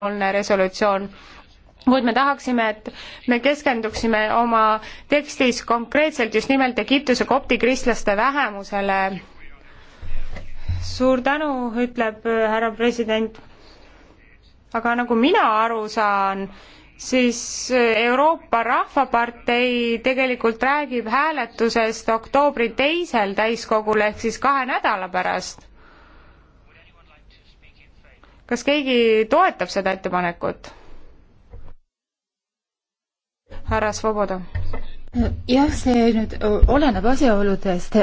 omapoolne resolutsioon kuid me tahaksime, et me keskenduksime oma tekstis konkreetselt just nimelt Egiptuse kopti kristlaste vähemusele. suur tänu, ütleb äh, härra president. aga nagu mina aru saan, siis äh, Euroopa Rahvapartei tegelikult räägib hääletusest oktoobri teisel täiskogul ehk siis kahe nädala pärast kas keegi toetab seda ettepanekut? härra Svoboda jah, see nüüd oleneb asjaoludest.